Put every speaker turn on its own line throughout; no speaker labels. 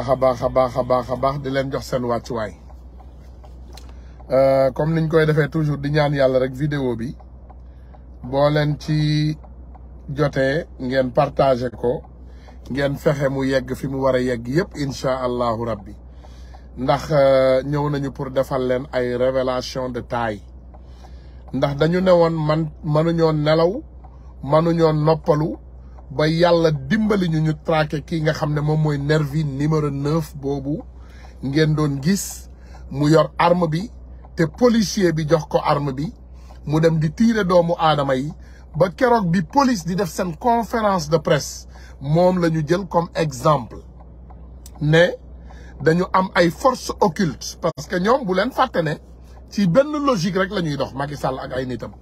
baax a baax a baax a baax a baax di leen jox seen wàccuwaay euh, comme niñ koy defee toujours di ñaan yàlla rek vidéo bi boo leen ci jotee ngeen partagé ko ngeen fexe mu yegg fi mu war a yegg yëpp incha allahu rabbi ndax euh, ñëw nañu pour defal leen ay révélation de taille ndax dañu ne woon man mënuñoo nelaw mënuñoo noppalu ba yàlla dimbali ñu ñu traqué kii nga xam ne moom mooy nervi numéro 9 boobu ngeen doon gis mu yor arme bi te policier bi jox ko arme bi mu dem di tiire doomu aadama yi ba keroog bi police di def seen conférence de presse moom la ñu jël comme exemple ne dañu am ay forces occultes parce que ñoom bu leen fàtte ne ci benn logique rek la ñuy dox Macky Sall ak ay nitam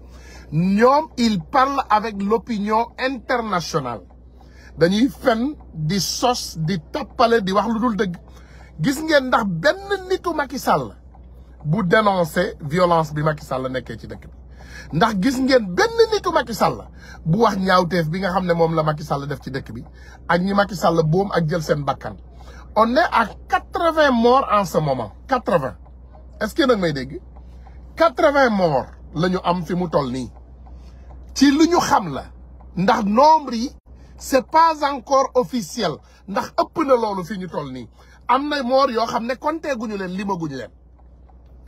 ñoom il parle avec l'opinion internationale dañuy fen di sos di tappale di wax lu dul dëgg gis ngeen ndax benn nitu Macky Sall bu dénoncer violence bi Macky Sall nekkee ci dëkk bi ndax gis ngeen benn nitu Macky Sall bu wax ñaawteef bi nga xam ne moom la Macky Sall def ci dëkk bi ak ñi Macky Sall boom ak jël seen bakkan on est à quatre-vingts morts en ce moment quatre-vingts ce que nag may dégg quatre-vingts morts la ñu am fi mu toll nii ci li ñu xam la ndax nombre yi c'est pas encore officiel ndax ëpp na loolu fi ñu toll nii am na moor yoo xam ne compté guñu leen ñu leen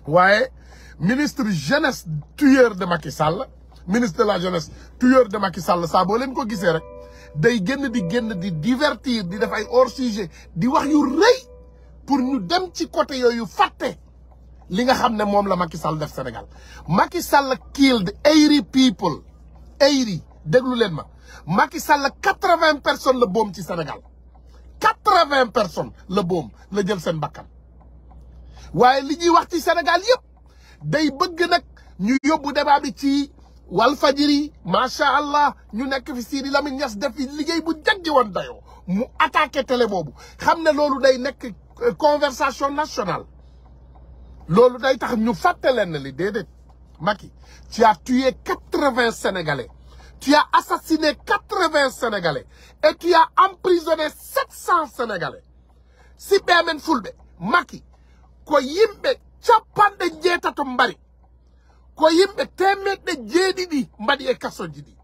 waaye ministre jeunesse tueur de Macky Sall ministre de la jeunesse tueur de Macky Sall saa boo leen ko gisee rek day génn di génn di divertir di def ay hors di wax yu rëy pour ñu dem ci côté yooyu fàtte li nga xam ne moom la Macky Sall def Sénégal Macky Sall killed eighty people Eyri déglu leen ma Macky Sall quatre-vingts personnes la boom ci Sénégal quatre-vingts personnes la boom la jël seen bakkan waaye li ñuy wax ci Sénégal yëpp day bëgg nag ñu yóbbu débat bi ci Walfadjri macha allah ñu nekk fi Sidi Lamine Niass def fi liggéey bu jaggi woon dayoo mu attaqué tele boobu xam ne loolu day nekk euh, conversation nationale loolu day tax ñu fàtte leen li déedéet. Macky, tu as tué 80 Sénégalais. Tu as assassiné 80 Sénégalais. Et tu as emprisonné 700 Sénégalais. Si Bemen Fulbe, Macky, ko yimɓe capanɗe jeetato mbari ko yimɓe temmeɗɗe jeeɗiɗi mbaɗi e kasoji ɗi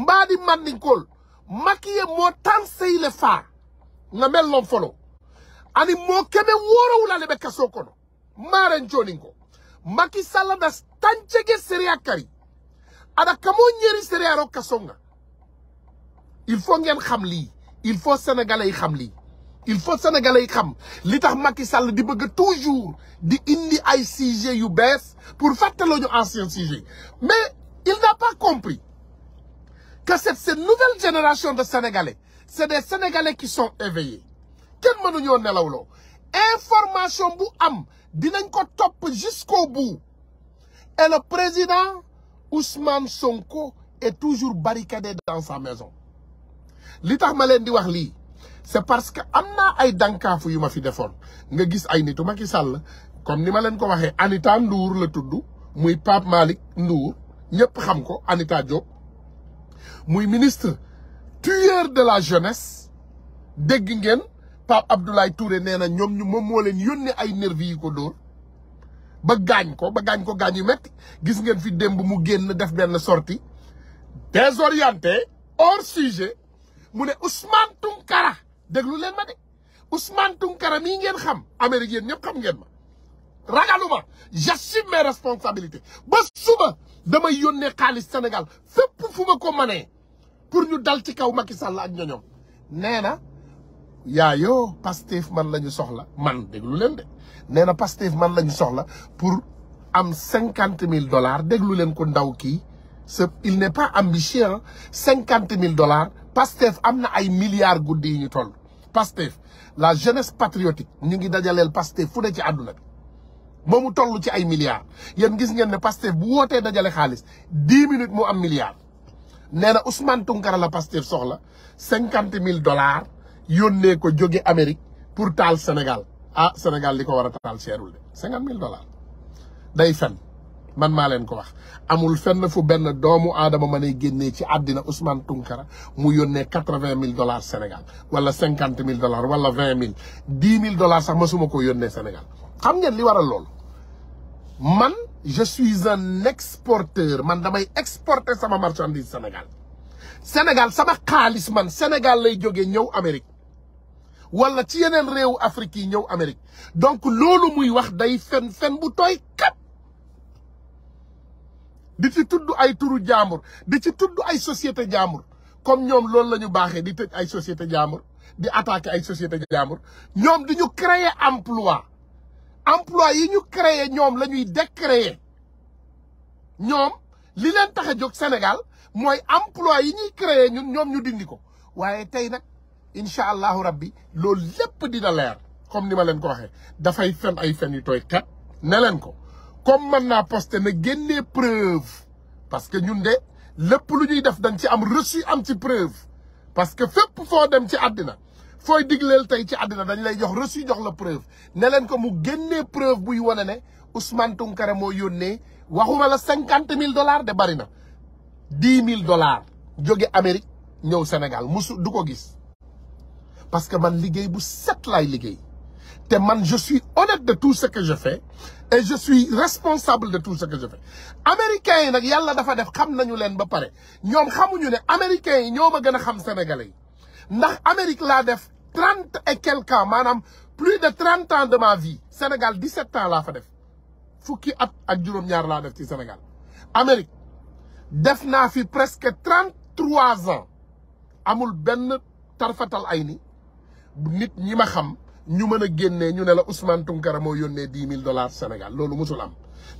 mbaɗi mandinkol makiye mo tan seyle faa nga mellon folo ani mo keɓe worowlale ɓe kaso kono maren joningo makisalla dantanchege seria kari ada kamo ñeri seriaro kasonga il faut ngeen xam lii il faut sénégalais yi xam lii il faut sénégalais yi xam li tax Macky Sall di bëgg toujours di indi ay sujet yu bees pour fàttaloo ñu ancien sujet mais il n'a pas compris que cette cette nouvelle génération de sénégalais c'est des sénégalais qui sont éveillés kenn mënuñoo nelawloo information bu am dinañ ko topp jusqu'au bout et le président Ousmane Sonko est toujours barricadé dans sa maison li tax ma leen di wax lii c'est parce que am na ay dànkaafu yu ma fi defoon nga gis ay nitu Macky Sall kon ni ma leen ko waxee Anita Ndour la tudd muy Pape Malick Ndour ñëpp xam ko Anita Diop muy ministre tueur de la jeunesse dégg ngeen Pape Abdoulaye Touré nee na ñoom ñu moom moo leen yónnee ay nervi yi ko dóor ba gaañ ko ba gaañ ko gaañ yu metti gis ngeen fi démb mu génn def benn sorti désorienté hors sujet mu ne Ousmane Tounkara déglu leen ma de Ousmane Tounkara mii ngeen xam Amérique yéen ñëpp xam ngeen ma ragaluma j'assume mes responsabilités ba suba damay yónnee xaalis Sénégal fépp fu ma ko manee pour ñu dal ci kaw Macky Sall ak ñoñom nee na yaayoo Pastef man la ñu soxla man déglu leen de nee na Pastef man la ñu soxla pour am cinquante mille dollars déglu leen ko ndaw kii ce il n'est pas ambitieux cinquante mille dollars Pastef am na ay milliards guddi yi ñu toll Pastef la jeunesse patriotique ñu ngi dajaleel Pastef fu ne ci àdduna bi ba mu toll ci ay milliards yéen gis ngeen ne Pastef bu wootee dajale xaalis dix minute mu am milliards nee na Ousmane Tunkara la Pastef soxla cinquante mille dollars yónnee ko jóge Amérique pour taal Sénégal ah Sénégal li ko war a taal seerul de cinquante mille dollars day fen man maa leen ko wax amul fenn fu benn doomu aadama mën a génnee ci àddina Ousmane Tunkara mu yónnee quatre-vingt mille dollars Sénégal wala cinquante mille dollars wala vingt mille dix mille dollars sax suma ko yónnee Sénégal xam ngeen li waral lool man je suis un exporteur man damay exporter sama marchandise Sénégal Sénégal sama xaalis man Sénégal lay jógee ñëw Amérique wala ci yeneen réewu Afrique yi ñëw Amérique donc loolu muy wax day fen fen bu tooy kat di ci tudd ay turu jàmbur di ci tudd ay société jàmbur comme ñoom loolu la ñu baaxee di tëj ay société jàmbur di attaquer ay société jàmbur ñoom di ñu créer emploi emploi yi ñu créer ñoom la ñuy créer ñoom li leen tax a jóg Sénégal mooy emploi yi ñuy créer ñun ñoom ñu dindi ko waaye tey nag incha allahu rabbi loolu lépp dina leer comme ni ma leen ko waxee dafay fen ay fen yu tooy kat ne leen ko comme mën naa posté na génnee preuve parce que ñun de lépp lu ñuy def dañ ci am reçu am ci preuve parce que fépp foo dem ci àddina fooy digleel tey ci àddina dañ lay jox reçu jox la preuve ne leen ko mu génnee preuve buy wane ne Ousmane Tounkara moo yónnee waxuma la cinquante mille dollars de bari na dix mille dollars jóge Amérique ñëw Sénégal musu du ko gis parce que man liggéey bu set lay liggéey te man je suis honnête de tout ce que je fais et je suis responsable de tout ce que je fais américains yi nag yàlla dafa def xam nañu leen ba pare ñoom xamuñu ne américains yi ñoo ma gën a xam sénégalais yi ndax Amérique laa def trente et quelque ans maanaam plus de trente ans de ma vie Sénégal dix-sept ans laa fa def fukki at ak juróom-ñaar laa def ci Sénégal Amérique def naa fi presque trente-trois ans amul benn tarfatal ay ni nit ñi ma xam ñu mën a génnee ñu ne la Ousmane Tounkara moo yónnee dix mille dollars Sénégal loolu musul am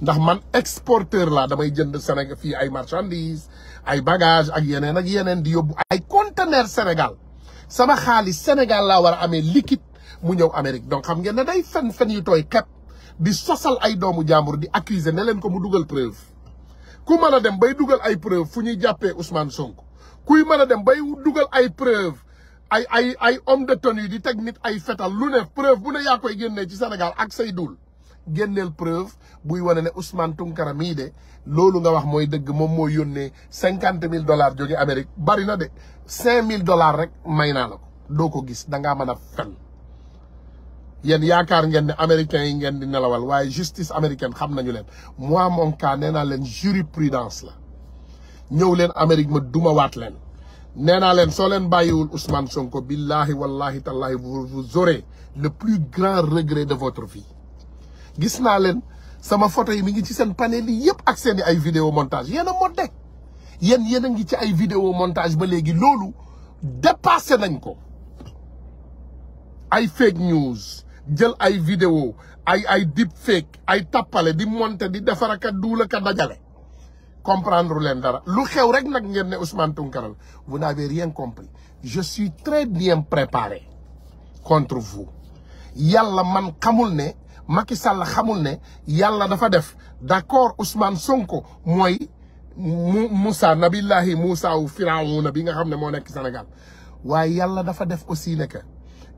ndax man exporteur laa damay jënd Sénégal fii ay marchandises ay bagages ak yeneen ak yeneen di yóbbu ay conteneur Sénégal sama xaalis Sénégal laa war a amee liquide mu ñëw Amérique donc xam ngeen ne day fen fen yu tooy kepp di sosal ay doomu jàmbur di accuser ne leen ko mu dugal preuve ku mën a dem bay dugal ay preuve fu ñuy jàppee Ousmane Sonko kuy mën a dem bay dugal ay preuve ay ay ay homme de tenue di teg nit ay fetal lu ne preuve bu ne yaa koy génnee ci Sénégal ak say duul génneel preuve buy wane ne Ousmane Tounkara mii de loolu nga wax mooy dëgg moom moo yónnee cinquante mille dollars jóge Amérique bari na de cinq mille dollars rek may naa la ko doo ko gis dangaa mën a fen yéen yaakaar ngeen ne américains yi ngeen di nelawal waaye justice américaine xam nañu leen moi mon cas nee naa leen jurisprudence la ñëw leen Amérique ma duma waat leen nee naa leen soo leen bàyyiwul Ousmane Sonko billahi wallahi tallahi vous vous aurez le plus grand regret de votre vie gis naa leen sama photo yi mi ngi ci seen panel yi ak seeni ay vidéo montage yéen a modde yéen yéen a ngi ci ay vidéo montage ba léegi loolu dépassé nañ ko ay fake news jël ay vidéo ay ay deep fake ay tappale di monter di defar ak a duul ak a dajale comprendre leen dara lu xew rek nag ngeen ne Ousmane Tounkara la vous n'avez rien compris je suis très bien préparé contre vous yàlla man xamul ne Macky Sall xamul ne yàlla dafa def d'accord Ousmane Sonko mooy mu Moussa nabillahi Moussa wu firawuna bi nga xam ne moo nekk senegal waaye yàlla dafa def aussi ne que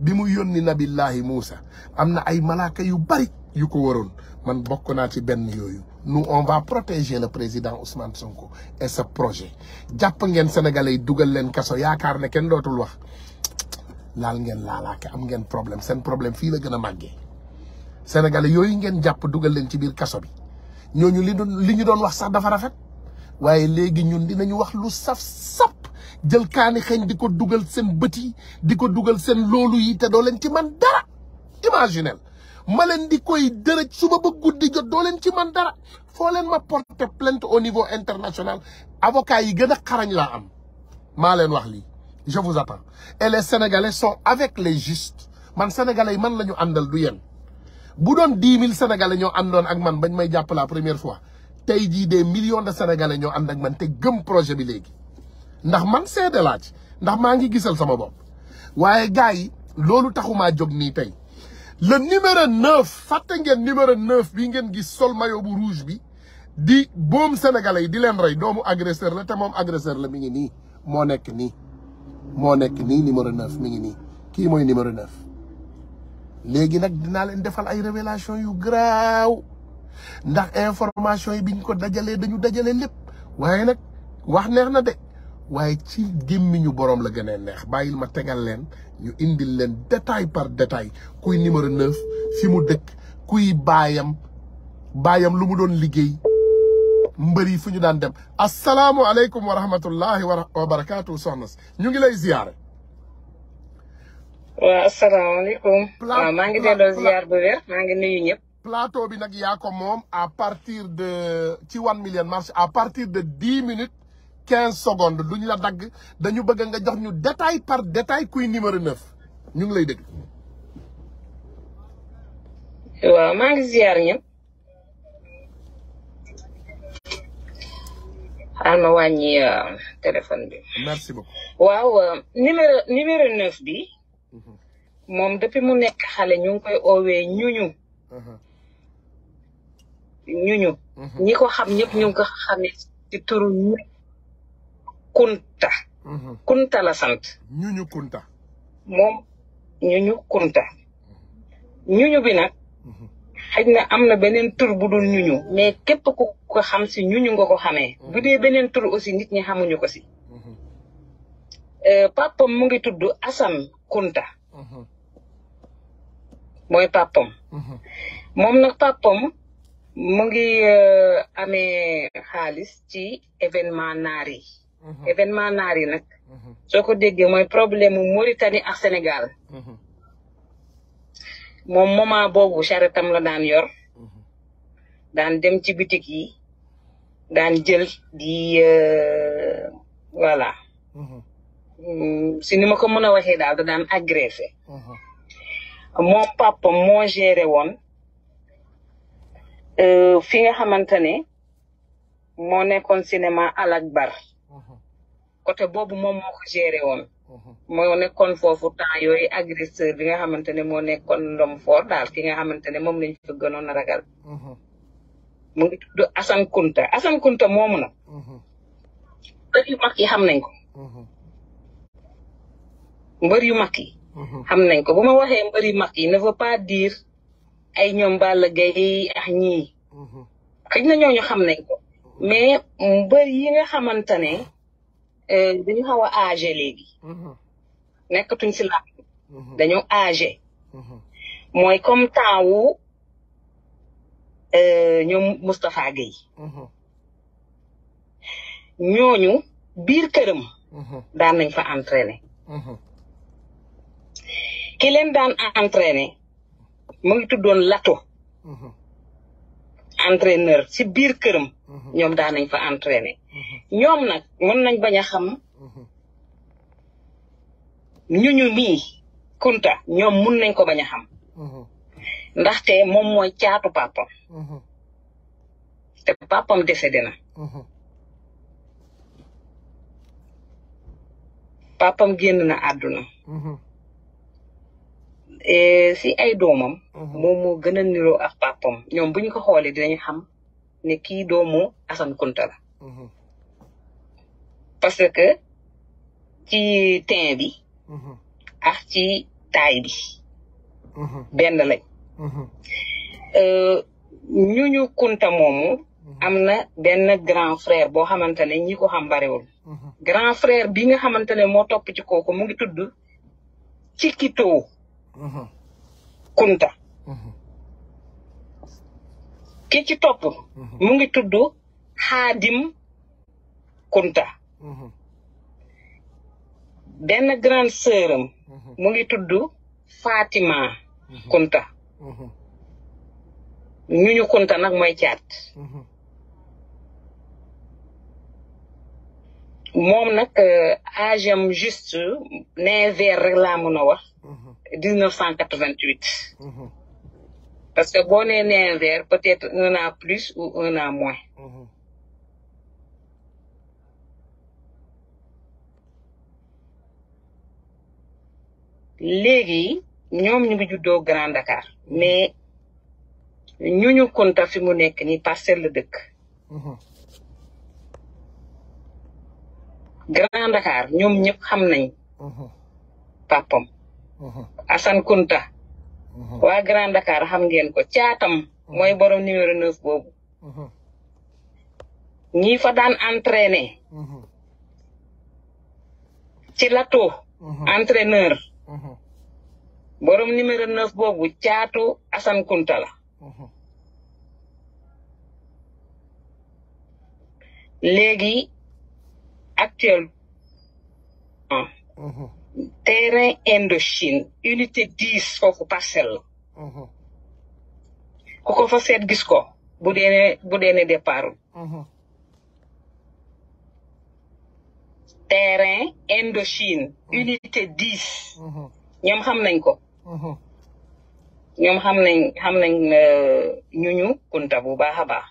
bi mu yónni nabillahi Moussa am na ay malaaka yu bari yu ko waroon man bokk naa ci benn yooyu nous on va protéger le président Ousmane Sonko et ce projet jàpp ngeen sénégalais yi dugal leen kaso yaakaar ne kenn dootul wax laal ngeen laalaake am ngeen problème seen problème fii la gën a màggee sénégalais yooyu ngeen jàpp dugal leen ci biir kaso bi ñooñu li doon li ñu doon wax sax dafa rafet waaye léegi ñun dinañu wax lu saf-sap jël kaani xeeñ di ko dugal seen bët yi di ko dugal seen loolu yi te doo leen ci man dara imaginel ma leen di koy dërëj suba ba guddi jot doo ci man dara foo leen ma porter plainte au niveau international avocat yi gën a xarañ laa am maa leen wax lii je vous attends et les sénégalais sont avec les justes man sénégalais yi man la ñu àndal du yéen bu doon dix mille sénégalais ñoo àndoon ak man bañ may jàpp la première fois tey jii des millions de sénégalais ñoo ànd ak man te gëm projet bi léegi ndax man seede laaj ndax maa ngi gisal sama bopp waaye gars yi loolu taxumaa jóg nii tey le numéro 9 fàtte ngeen numéro 9 bi ngeen gis sol maillot bu rouge bi di boom sénégalais yi di leen rey doomu agresseur la te moom agresseur la mi ngi nii moo nekk nii moo nekk nii numéro 9 mi ngi nii kii mooy numéro 9. léegi nag dinaa leen defal ay révélation yu garaaw ndax information yi biñ ko dajalee dañu dajale lépp waaye nag wax neex na de. waaye ci gémmiñu boroom la gën a neex bàyyil ma tegal leen ñu indil leen détail par détail kuy numéro neuf fi mu dëkk kuy baayam baayam lu mu doon liggéey mbër yi fu ñu daan dem asalaamualeykum wa rahmatullahi wa barakaatu soxna si ñu ngi lay ziyaare
waaw asalaamaaleykum waaw maa ngi delloo ziyaar bu wér maa ngi nuyu ñëpp
plateau bi nag yaa ko moom à partir de ci one million marché à partir de dix minutes quinze secondes duñ la dagg dañu bëgg nga jox ñu détail par détail kuy numéro neuf ñu lay dégg.
waaw maa ngi ziar ñëpp. xaaral wàññi euh, téléphone bi. merci beaucoup. waaw euh, numéro numéro neuf bi. Mhm. moom depuis mu nekk xale ñu ngi koy oowee ñuñu. Mhm. ñuñu. Mhm. ñi ko xam ñëpp ñu ko xamee ci turu Kunta. Mhm. Kunta la sant. ñuñu Kunta. moom ñuñu Kunta. ñuñu bi nag. Mhm. xëy na am na beneen tur bu képp ku ko xam si ñuñu nga ko xamee. Mhm. bu beneen tur aussi nit ñi xamuñu ko si. Euh, papam mu ngi tudd Assane Kunta. mooy papam moom nag papam mu ngi euh, amee xaalis ci événement naar yi. Mhm. événement naar yi nag. soo ko déggee mooy problème mu Mauritanie ak Sénégal. Mhm. moom moment boobu charrettam la daan yor. Mhm. daan dem ci bitik yi daan jël di euh, voilà. Mm, si ni ma ko mën a waxee daal da daan agressé. moom papa moo géré woon euh, fi nga xamante ne moo nekkoon cinéma Al Akbar. côté boobu moom moo ko géré woon. Mhm. moo nekkoon foofu temps yooyu agresseur bi nga xamante ne moo nekkoon ndom foor daal ki nga xamante ne moom lañ fa gënoon a ragal. Mhm. mu ngi tudd Assane Kunta Assane Kunta moomu na. Mhm. mbër yu mag yi xam nañ ko. mbër yu mag yi. xam nañ ko bu ma waxee mbër yi ne veut pas dire ay ñoom Balla Gaye ak ñii. xëy na ñooñu xam nañ ko mais mbër yi nga xamante ne. Eh, dañu xaw a âgé léegi. Mhm. nekkatuñ si laaj. Mhm. dañoo âgé. Mhm. mooy comme temps wu euh, ñoom Moustapha Gueye. ñooñu biir këram. daan nañ fa entraîner. ki leen daan entraîner mu ngi tuddoon Lato. entraîneur si biir këram. ñoom daan nañ fa entraîner. ñoom na mën nañ bañ a xam ñu ñu mii kunta ñoom mun nañ ko bañ a xam ndaxte moom mooy caatu papam te papam décédé na papam génn na àdduna e si ay doomam moom moo gën a niroo ak papam ñoom bu ñu ko xoolee dinañ xam ne kii doomu Assane Kunta la parce que ci teint bi mm-hmm. ak ci taay bi mm-hmm. benn lañ mm-hmm. euh, ñu ñu kunta moomu am na benn grand frère boo xamante ne ñi ko xam bariwul grand frère bi nga xamante ne moo topp ci kooku mu ngi tudd ci kitoo kunta ki topp mu ngi tudd xaadim kunta Mm-hmm. benn grande sœur am mm-hmm. mu ngi tudd Fatima mm-hmm. Kunta ñu ñu Kunta nag mooy caat moom nag euh, âge am juste nee vers rek laa mun a wax cent quatre parce que boo nee nee peut-être un an plus ou un an moins léegi ñoom ñu ngi juddoo Grand Dakar mais ñu Kunta fi mu nekk nii parcelle la dëkk. Mhm. Grand Dakar ñoom ñëpp xam nañ mhm. papam mhm. Assane Kunta waa Dakar xam ngeen ko caatam mooy borom numéro neuf boobu ñi fa daan entraîné ci lato entraîneur Uh-huh. borom numéro neuf boobu caatu Assane Kunta la uh-huh. ah. uh-huh. Indochine unité dix foofu parcelle la ku ko fa seet gis ko
terrain
Indochine mm-hmm. unité 10. Mm-hmm. ñoom xam nañ ko. Mm-hmm. ñoom xam nañ xam nañ euh, ñu ñu kunta bu baax a baax.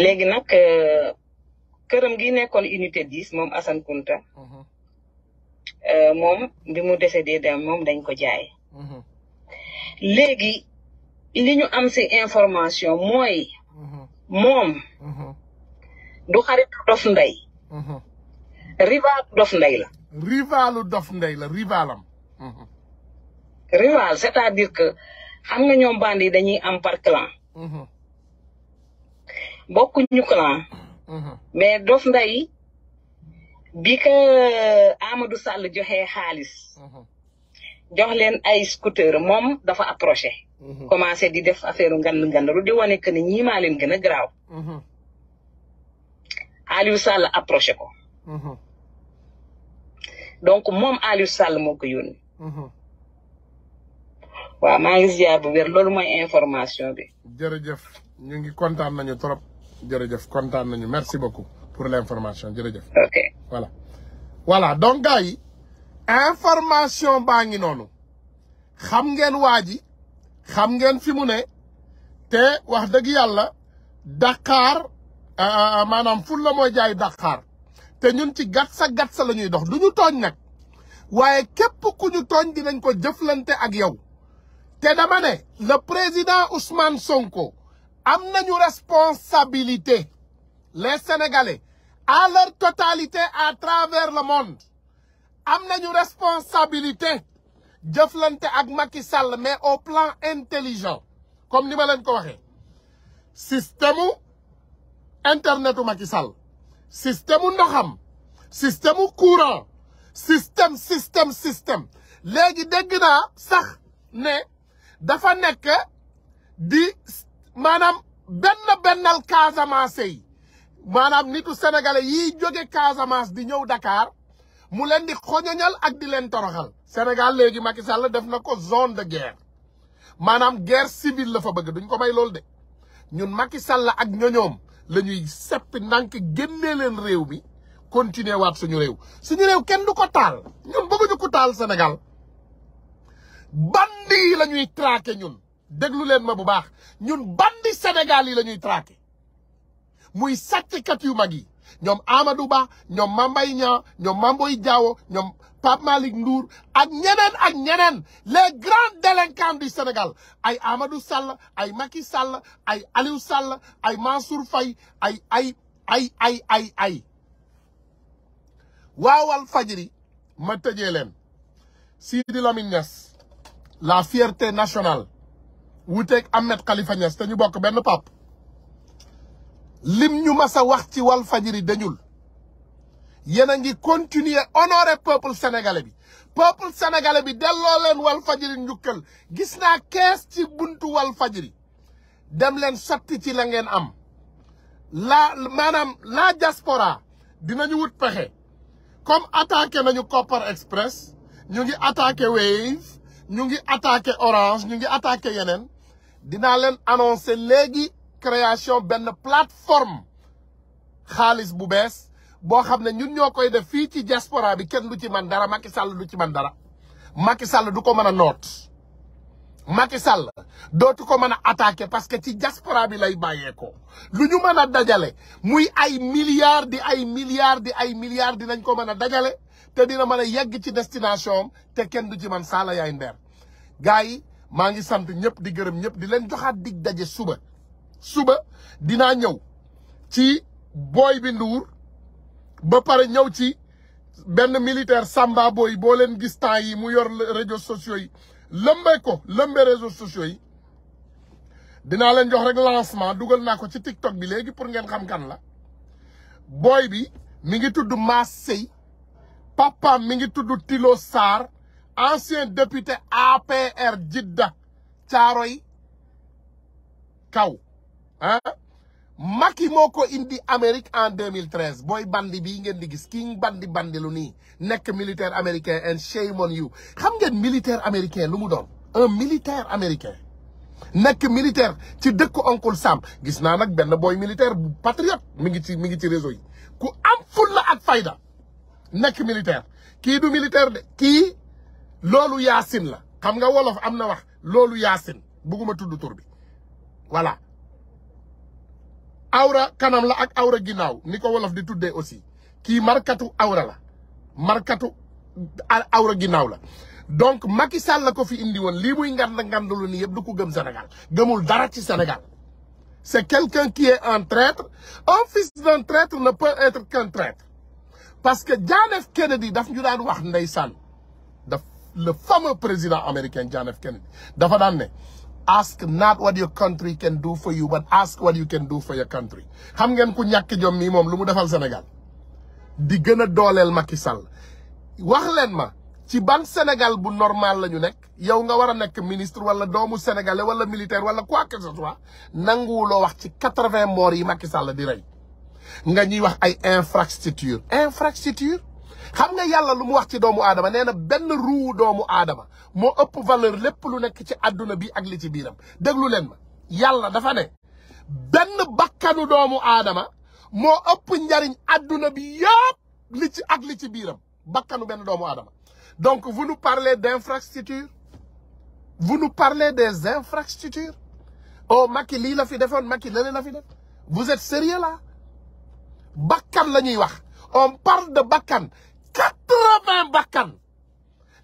léegi nag euh, këram gi nekkoon unité 10 moom Assane Kunta. Euh, moom bi mu décédé dem moom dañ ko jaay. léegi. li ñu am si information mooy mm-hmm. moom mm-hmm. du xaritu dof nday mm-hmm. rivalu dof ndey la rivalu dof ndey la rivalam rival c'est-à-dire que xam nga ñoom bandi yi dañuy am par clan bokkuñu clan mais dof ndey bi ko Amadou Sall joxee xaalis jox leen ay scooter moom dafa approché Mm-hmm. commencé di def affaire ngand ngandalu di wane que ne ñii maa leen gën a garaaw. Mm-hmm. Aliou Sall approché ko. Mm-hmm. donc moom Aliou Sall waaw maa ngi bu wér loolu moy
information bi. jërëjëf ñu ngi kontaan nañu trop jërëjëf kontan nañu merci beaucoup pour l' information jërëjëf. ok voilà voilà donc gars yi information xam ngeen fi mu ne te wax dëgg yàlla Dakar ah, ah, ah, maanaam ful la mooy jaay Dakar te ñun ci gat sa gat sa la ñuy dox du ñu tooñ nag waaye képp ku ñu tooñ dinañ ko jëflante ak yow te dama ne le président Ousmane Sonko am nañu responsabilité les Sénégalais à leur totalité à travers le monde am nañu responsabilité jëflante ak Macky Sall mais au plan intelligent comme ni ma leen ko waxee système mu internetu Macky Sall système mu ndoxam système mu courant système système léegi dégg naa sax ne dafa nekk di maanaam benn bennal Casamance yi maanaam nitu sénégalais yiy jóge Casamance di ñëw dakaar mu leen di xoñoñal ak di leen toroxal Sénégal léegi Macky Sall def na ko zone de guerre maanaam guerre civile la fa bëgg duñ ko may loolu de ñun Macky Sall ak ñoñoom la ñuy seppi ndànk génnee leen réew mi continuer waat suñu réew suñu réew kenn du ko taal ñun bëgguñu ko taal Sénégal bandi yi la ñuy traqué ñun déglu leen ma bu baax ñun bandi Sénégal yi lañuy ñuy muy sàcckat yu mag yi ñoom Amadou Ba ñoom Mame Mbaye Niang ñoom Mame Boye Diao ñoom Pape Malick Ndour ak ñeneen ak ñeneen les grands délinquants du Sénégal ay Amadou Sall ay Macky Sall ay Aliou Sall ay Mansour Faye ay ay ay ay ay ay waawal fajri ma tëjee leen Sidi Lamine Niass la fierté nationale wuuteeg Ahmed Khalifa Niass te ñu bokk benn pap lim ñu mas wax ci wal fajiri dañul yéen a ngi continuer honorer peuple sénégalais bi peuple sénégalais bi delloo leen wal fajiri njukkal gis naa kees ci buntu wal fajiri dem leen sotti ci la ngeen am la maanaam la diaspora dinañu wut pexe comme attaqué nañu Copper Express ñu ngi attaqué Wave ñu ngi attaqué Orange ñu ngi attaqué yeneen dinaa leen annoncé léegi création benn plateforme xaalis bu bees boo xam ne ñun ñoo koy def fii ci diaspora bi kenn du ci man dara Macky Sall du ci man dara Macky Sall du ko mën a noot Macky Sall dootu ko mën a attaqué parce que ci diaspora bi lay bàyyeekoo lu ñu mën a dajale muy ay milliards di ay milliards di ay milliards dinañ ko mën a dajale te dina mën a yegg ci destination am te kenn du ci man saala yaay ndeer gars yi maa ngi sant ñëpp di gërëm ñëpp di leen joxaat dig daje suba suba dinaa ñëw ci booy Bi Nduur ba pare ñëw ci benn militaire Samba booy boo leen gis yi mu yor réseaux sociaux yi lëmbee ko lëmbee réseaux sociaux yi dinaa leen jox rek lancement dugal naa ko ci TikTok bi léegi pour ngeen xam kan la booy bi mi ngi tudd Mass Sey papaam mi ngi tudd Tilo Sarr ancien député APR Jidda Caaroy Kaw ah Macky moo ko indi amerique en 2013 booy bandi bi ngeen di gis ki bandi bandi lu nii nekk militaire américain and shame on you xam ngeen militaire américain lu mu doon un militaire américain nekk militaire ci dëkku oncle Sam gis naa nag benn booy militaire bu patriote mi ngi ci mi ngi ci réseau yi ku am fulla ak fayda nekk militaire kii du militaire de kii loolu yaasin la xam nga wolof am na wax loolu yaasin bugguma tudd tur bi voilà awra kanam la ak awra ginnaaw ni ko wolof di tuddee aussi kii markatu awra la markatu awra ginnaaw la donc Macky Sall la ko fi indi woon lii muy ngand ngandulu ni yëpp du ko gëm senegal gëmul dara ci Sénégal c'est quelqu'un qui est en traître un fils d'un traître ne peut être qu'un traître parce que John F. Kennedy daf ñu daan wax ndeysaan daf le fameux président américain John F. dafa daan ne ask not what your country can do for you but ask what you can do for country xam ngeen ku ñàkk jom mii moom lu mu defal Sénégal di gën a dooleel Macky Sall wax leen ma ci ban Sénégal bu normal la ñu nekk yow nga war a nekk ministre wala doomu sénégalais wala militaire wala quoi que ce soit nanguwuloo wax ci quatre-vingts morts yi Macky Sall di rey nga ñuy wax ay infrastructure infrastructure xam nga yàlla lu mu wax ci doomu aadama nee na benn ruu doomu aadama moo ëpp valeur lépp lu nekk ci adduna bi ak li ci biiram déglu leen ma yàlla dafa ne benn bakkanu doomu aadama moo ëpp njariñ àdduna bi yëpp li ci ak li ci biiram bakkanu benn doomu aadama donc vous nous parlez d'infrastructure vous nous parlez des infrastructures oh Macky lii la fi defoon Macky lële la fi def vous êtes sérieux la bakkan la ñuy wax on parle de bakkan quatre-vingts bakkan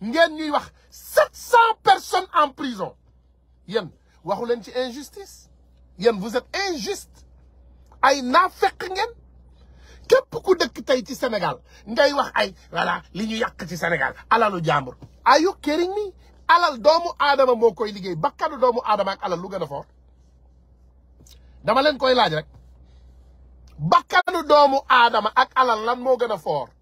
ngeen ñuy wax sept cent personnes en prison yéen waxu leen ci injustice yéen vous êtes injuste ay naafeq ngeen képp ku dëkk tey ci Sénégal ngay wax ay voilà li ñu yàq ci Sénégal alalu jàmbur ayu you kidding alal doomu aadama moo koy liggéey bakkanu doomu aadama ak alal lu gën a fort dama leen koy laaj rek bakkanu doomu aadama ak alal lan moo gën a fort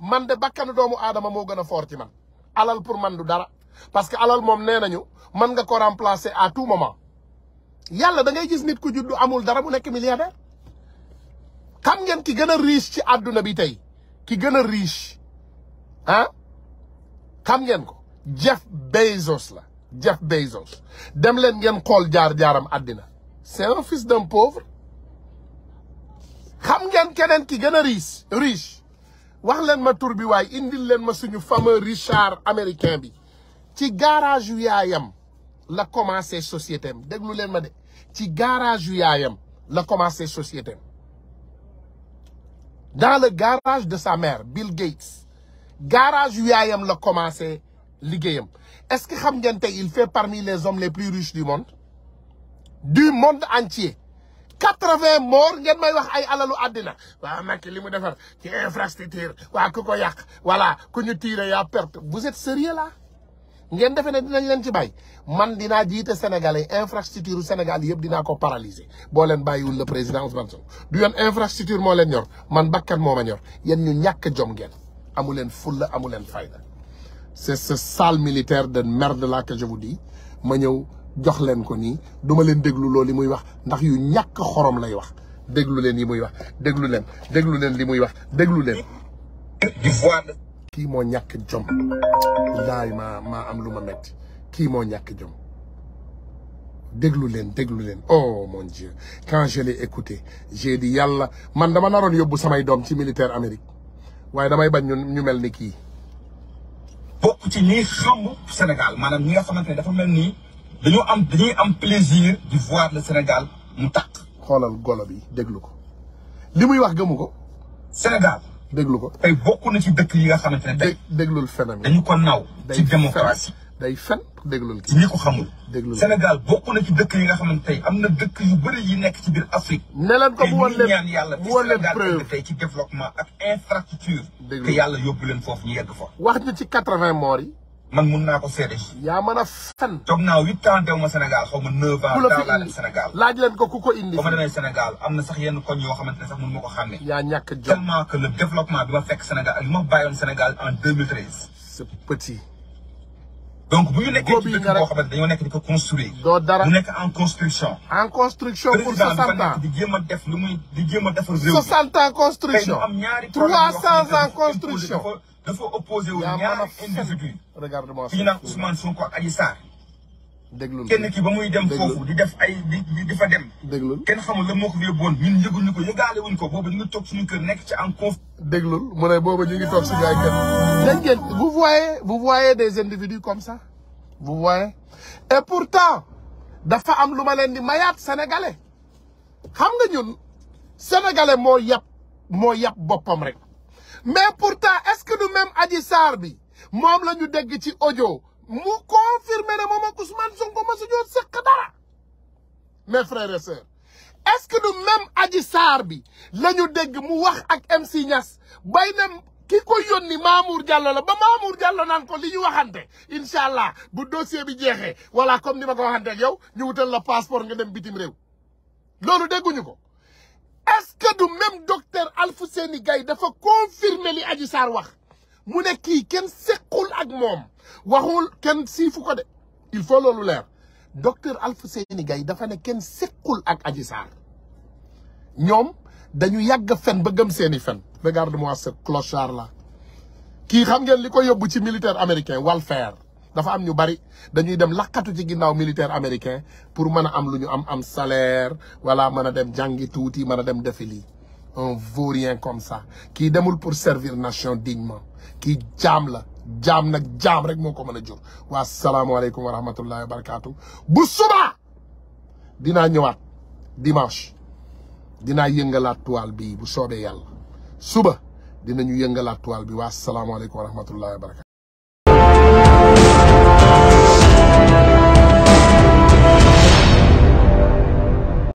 man de bakkanu doomu aadama moo gën a fort ci man alal pour man du dara parce que alal moom nee nañu mën nga ko remplacer à tout moment yàlla da ngay gis nit ku juddu amul dara mu nekk milliardaire xam ngeen ki gën a riche ci àdduna bi tey ki gën a riche ah kam ngeen ko Jeff Bezos la Jeff Bezos dem leen ngeen xool jaar-jaaram àddina c'est un fils d'un pauvre xam ngeen keneen ki gën a riche riche wax leen ma tur bi waaye indil leen ma suñu fameux Richard américain bi ci garage yu yaayam la commencé société am déglu leen ma de ci garage yu yaayam la commencé société am dans le garage de sa mère Bill Gates garage yu yaayam la commencé liggéeyam est-ce que xam ngeen il fait parmi les hommes les plus riches du monde du monde entier quatre-vingts morts ngeen may wax ay alalu àddina waaw Macky li mu defar ci infrastructure waa ku ko yàq voilà ku ñu tiire yaa perte vous êtes sérieux là ngeen defee ne dinañ leen ci bàyyi man dinaa jiite sénégalais infrastructure Sénégal yëpp dinaa ko paralyser boo leen bàyyiwul la président Ousmane Sonko du yoon infrastructure moo leen ñor man bakkan moo ma ñor yéen ñu ñàkk jom ngeen amu leen fulla amu leen fayda c'est ce sale militaire de merde de la je vous dis ma ñëw jox leen ko nii duma leen dégluloo li muy wax ndax yu ñàkk xorom lay wax déglu leen yi muy wax déglu leen déglu leen li muy wax déglu leen. kii moo ñàkk jom. laay ma maa am lu ma metti kii moo ñàkk jom. déglu leen déglu leen oh mon dieu quand je l'ai écouté j'ai dit yàlla man dama naroon yóbbu samay doom ci militaire Amérique waaye damay
bañ ñu mel ni kii. bokk ci ñi xam Sénégal dañu am dañuy am plaisir di voir le Sénégal mu takk. xoolal golo bi déglu ko li muy wax gëmu ko. Sénégal. déglu ko tey bokk na ci dëkk yi nga xamante ne tey. déglul fenam dañu ko naw. ci démocratie day fen déglul ci ñi ko xamul. déglul Sénégal bokk na ci dëkk yi nga xamante tey am na dëkk yu bëri yi nekk ci biir Afrique. ne leen ko mu wan leen ñaan yàlla mu wan leen preuve tey ci développement ak infrastructure. déglu yàlla yóbbu leen foofu ñu yegg fa. wax ñu ci quatre-vingts morts yi. man mun naa ko seede. yaa mën a fen. toog naa huit ans dew ma Sénégal xaw ma neuf ans. Sénégal laaj leen ko ku ko indi. Sénégal am na sax yenn koñ yoo xamante ne sax mun ma ko xàmmee. yaa ñàkk jom tellement que le développement bi ma fekk Sénégal ak li ma bàyyoon Sénégal en 2013. c'est petit. donc bu ñu nekkee ci dëkk boo xamante dañoo nekk di ko construire. doo dara mu nekk en construction. en construction pour 60 di jéem a def lu muy di jéem a defar réew mi. 60 ans construction. am ñaari 300 ans construction. dafa opposé wu ñaari individu ki ñu naan Ousmane Sonko ak Adji Sarr déglul kenn ki ba muy dem foofu di def ay di di fa dem. déglul kenn xamul la moo ko yóbboon ñun yëguñu ñu ngi toog suñu kër nekk ci en conf. déglul mu ne boobu ñu ngi toog suñu ay kër. dégg
ngeen vous voyez vous voyez des individus comme ça vous voyez et pourtant dafa am lu ma leen di mayaat sénégalais xam nga ñun sénégalais moo yab moo yab boppam rek. mais pourtant est-ce du même Adji Sarr bi moom la ñu dégg ci audio mu confirmé ne moom ak Ousmane Sonko ma su ñoo sekk dara mes frères et sœurs que du même Adji Sarr bi la dégg mu wax ak MC Niass bay na ki ko yónni Mamour Diallo la ba Mamour Diallo naan ko li ñu waxante incha allah bu dossier bi jeexee voilà comme ni ma ko waxante ak yow ñu wutal la passeport nga dem bitim réew loolu dégguñu ko est-ce que du même docteur Alfousseni Gaye dafa confirmer li Adji Sarr wax mu ne kii kenn sequl ak moom waxul kenn siifu ko de il faut loolu leer docteur Alfousseni Gaye dafa ne kenn sequl ak Adji Sarr ñoom dañu yàgg fen ba gëm seeni fen regarde-moi ce clochard là kii xam ngeen li ko yóbbu ci militaire américain Walfare dafa am ñu bari dañuy dem lakkatu ci ginnaaw militaire américain pour mën a am lu ñu am am salaire wala mën a dem jàngi tuuti mën a dem defi lii un vaurien comme ça kii demul pour servir nation dignement kii jaam la jaam nag jaam rek moo ko mën a jur waa salaamualeykum wa rahmatullahi wa barakaatu bu subaa dinaa ñëwaat dimanche dinaa yëngalaat toile bi bu soobee yàlla suba dina ñu yëngalaat toile bi waa salaamualeykum wa rahmatullahi wa barakaatu